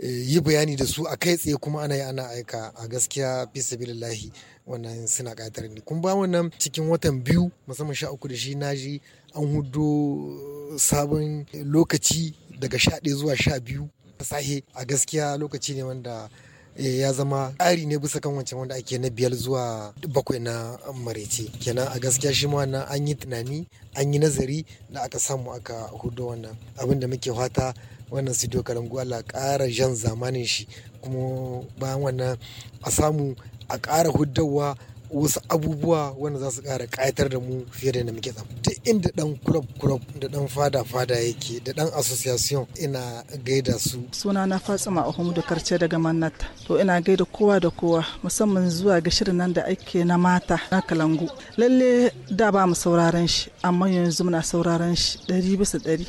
yi bayani da su a kai tsaye kuma ana yi ana aika a gaskiya fi sabilillahi wannan suna ƙayatar ni kun ba wannan cikin watan biyu musamman sha uku da shi ji an hudo sabon lokaci daga sha ɗaya zuwa sha biyu fasahe a gaskiya lokaci ne wanda eh, ya zama ƙari ne bisa kan wancan wanda ake na biyar zuwa bakwai na marece kenan a gaskiya shi ma wannan an yi tunani an yi nazari da aka samu aka hudo wannan abinda muke fata wannan studio kalangu Allah kara jan zamanin shi kuma bayan wannan a samu a kara huddawa wasu abubuwa wanda za su ƙara ƙayatar da mu fiye da yadda muke tsamu duk inda dan kurab kurab da dan fada fada yake da dan association ina gaida su suna na fatsima da karce daga mannata to ina gaida kowa da kowa musamman zuwa ga shirin nan da ake na mata na kalangu lalle da ba mu sauraron shi amma yanzu muna sauraron shi ɗari bisa ɗari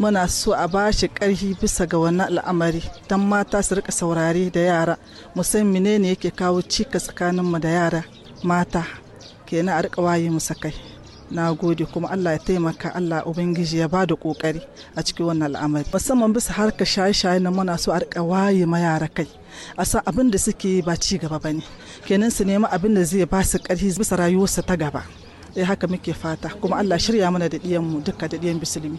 muna so a ba shi ƙarfi bisa ga wannan al'amari don mata su rika saurare da yara musamman ne yake kawo cika tsakaninmu da yara mata kenan a rika waye musa kai na gode kuma Allah ya taimaka Allah Ubangiji ya ba da kokari a cikin wannan al'amari musamman bisa harka shaye-shaye na muna so a rika waye ma yara kai a san abin da suke ba ci gaba ba ne kenan su nema abin da zai ba su ƙarfi bisa rayuwarsa ta gaba eh haka muke fata kuma Allah shirya mana da ɗiyanmu duka da ɗiyan bisulmi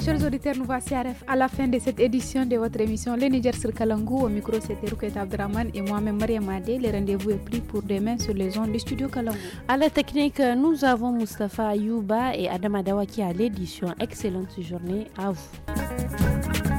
chers auditeurs, nous voici à la fin de cette édition de votre émission Le Niger sur Kalangou. Au micro, c'était Ruket Abdraman et moi-même Maria Adé. Le rendez-vous est pris pour demain sur les ondes du studio Kalangou. À la technique, euh, nous avons Mustafa Yuba et Adam qui à l'édition. Excellente journée à vous.